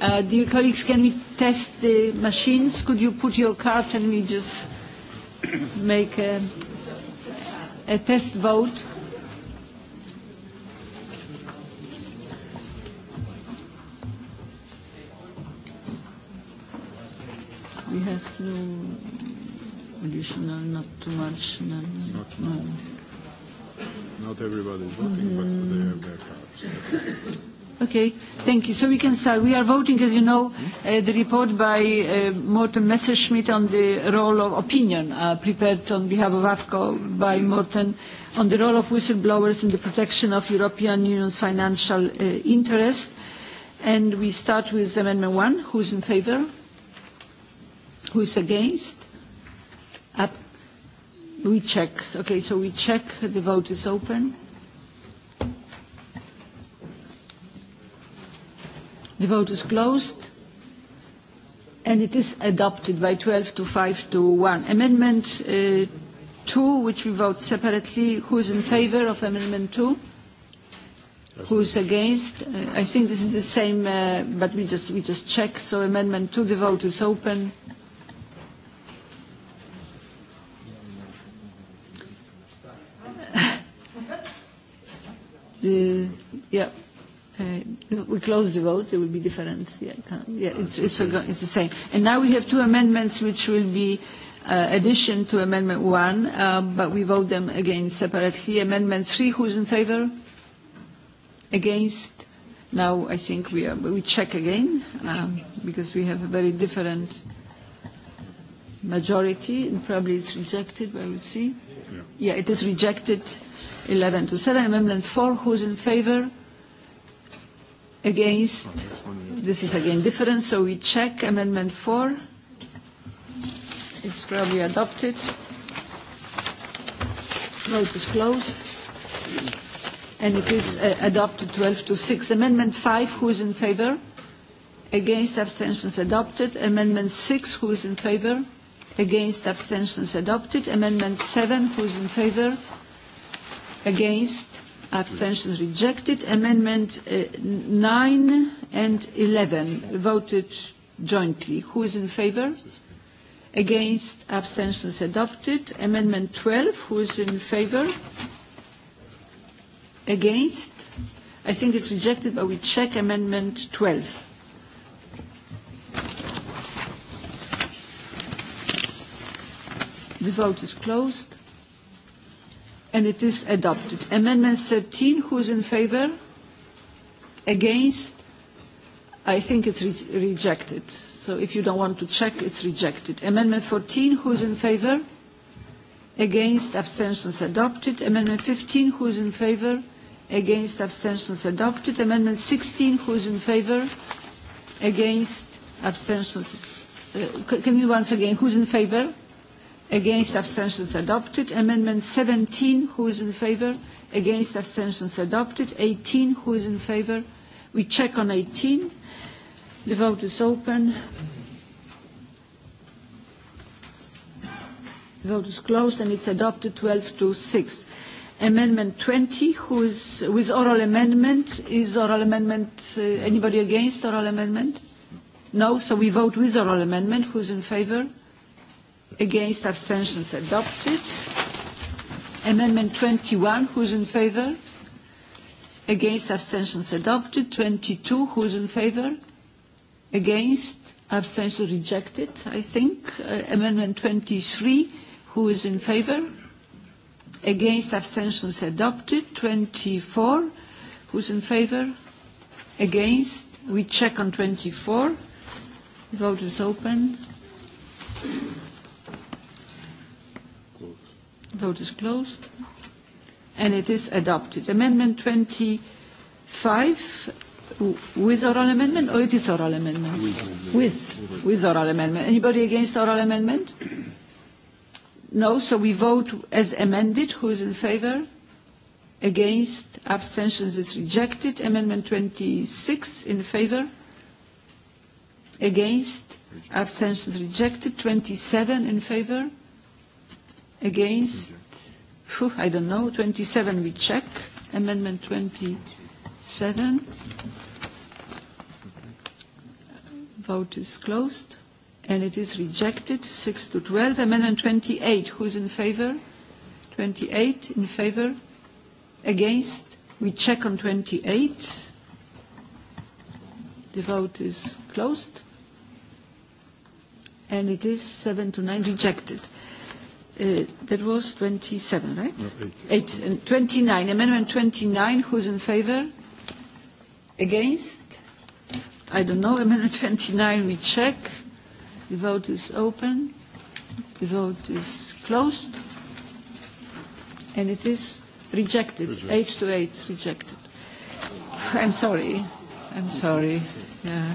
Uh, dear colleagues, can we test the machines? Could you put your card and we just make a, a test vote? We have no additional, not too much. No, not, no. not everybody is voting, mm-hmm. but they have their cards. Okay, thank you. So we can start. We are voting, as you know, uh, the report by uh, Morten Messerschmidt on the role of opinion uh, prepared on behalf of AFCO by Morten on the role of whistleblowers in the protection of European Union's financial uh, interest. And we start with Amendment 1. Who's in favor? Who's against? Up. We check. Okay, so we check. The vote is open. The vote is closed, and it is adopted by 12 to 5 to 1. Amendment 2, which we vote separately. Who is in favor of Amendment 2? Who is against? I think this is the same, but we just, check. So Amendment 2, the vote is open. the, yeah, we close the vote. There will be different. Yeah, yeah it's, it's, a, it's the same. And now we have two amendments which will be uh, addition to Amendment 1, uh, but we vote them again separately. Amendment 3, who's in favor? Against? Now I think we, are, we check again um, because we have a very different majority and probably it's rejected, but we'll see. Yeah, it is rejected 11 to 7. Amendment 4, who's in favor? Against? This is again different, so we check amendment four. It's probably adopted. Vote is closed. And it is uh, adopted 12 to 6. Amendment 5, who is in favor? Against abstentions adopted. Amendment 6, who is in favor? Against abstentions adopted. Amendment 7, who is in favor? Against Abstentions rejected. Amendment uh, 9 and 11 voted jointly. Who is in favor? Against abstentions adopted. Amendment 12, who is in favor? Against? I think it's rejected, but we check Amendment 12. The vote is closed and it is adopted. Amendment 13, who's in favour? Against? I think it's re rejected. So if you don't want to check, it's rejected. Amendment 14, who's in favour? Against, abstentions adopted. Amendment 15, who's in favour? Against, abstentions adopted. Amendment 16, who's in favour? Against, abstentions. Uh, can you once again, who's in favour? Against abstentions adopted. Amendment 17, who is in favor? Against abstentions adopted. 18, who is in favor? We check on 18. The vote is open. The vote is closed and it's adopted 12 to 6. Amendment 20, who is with oral amendment. Is oral amendment, uh, anybody against oral amendment? No, so we vote with oral amendment. Who's in favor? Against abstentions adopted. Amendment 21, who's in favor? Against abstentions adopted. 22, who's in favor? Against abstentions rejected, I think. Uh, amendment 23, who is in favor? Against abstentions adopted. 24, who's in favor? Against. We check on 24. The vote is open. Vote is closed. And it is adopted. Amendment 25 with oral amendment or it is oral amendment? With. With oral amendment. Anybody against oral amendment? No, so we vote as amended. Who is in favor? Against? Abstentions is rejected. Amendment 26 in favor? Against? Abstentions rejected. 27 in favor? Against? Phew, I don't know. 27 we check. Amendment 27. Vote is closed. And it is rejected. 6 to 12. Amendment 28. who's in favor? 28 in favor. Against? We check on 28. The vote is closed. And it is 7 to 9 rejected. Uh, that was 27, right? No, eight. Eight, and 29. Amendment 29, who's in favor? Against? I don't know. Amendment 29, we check. The vote is open. The vote is closed. And it is rejected. Reject. Eight to eight, rejected. I'm sorry. I'm sorry. Yeah.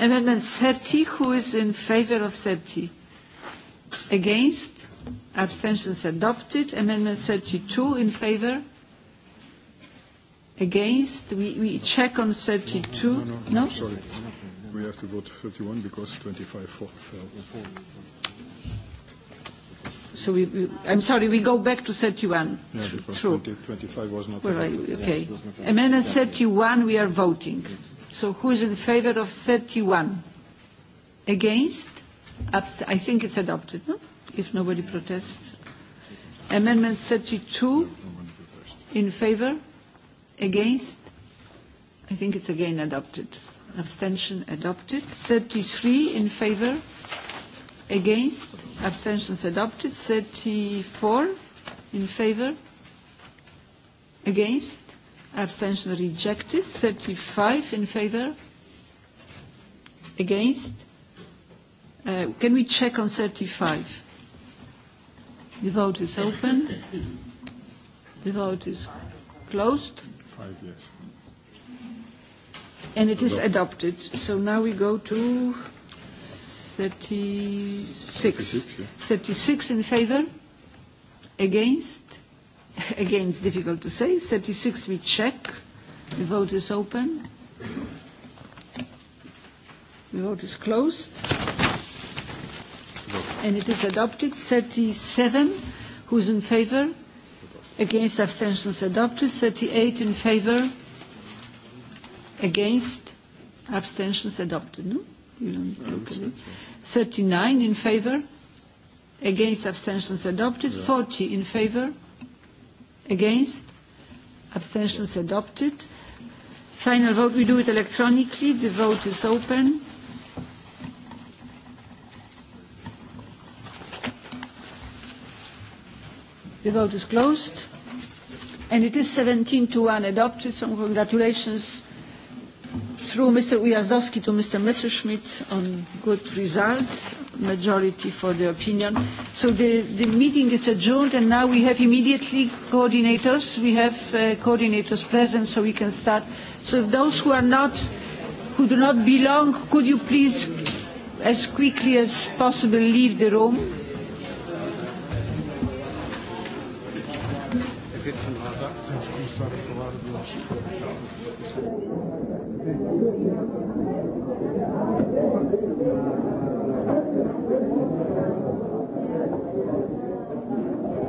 Amendment 30, who is in favor of 30? Against? Abstentions adopted. Amendment 32 in favor? Against? We, we check on 32. No? no, no, no? Sorry. We have to vote 31 because 25 fell. So we, we, I'm sorry, we go back to 31. Yeah, because True. 20, 25 was not. Well, okay. Yes, not Amendment 31, we are voting. So who is in favor of 31? Against? I think it's adopted, no? If nobody protests. Amendment 32 in favor, against. I think it's again adopted. Abstention adopted. 33 in favor, against. Abstentions adopted. 34 in favor, against. Abstention rejected. 35 in favor, against can we check on 35? The vote is open. The vote is closed. Five yes. And it is adopted. So now we go to 36. 36 in favor? Against? Against, difficult to say. 36 we check. The vote is open. The vote is closed and it is adopted. 37, who's in favor? Against, abstentions adopted. 38 in favor? Against, abstentions adopted. No? You don't look at it. 39 in favor? Against, abstentions adopted. 40 in favor? Against, abstentions adopted. Final vote, we do it electronically. The vote is open. The vote is closed. And it is 17 to 1 adopted, so congratulations through Mr. Ujazdowski to Mr. Messerschmidt on good results, majority for the opinion. So the, the meeting is adjourned and now we have immediately coordinators. We have uh, coordinators present so we can start. So if those who are not, who do not belong, could you please as quickly as possible leave the room? التوفيق في الغداء الكمسار الطوارئ Thank you.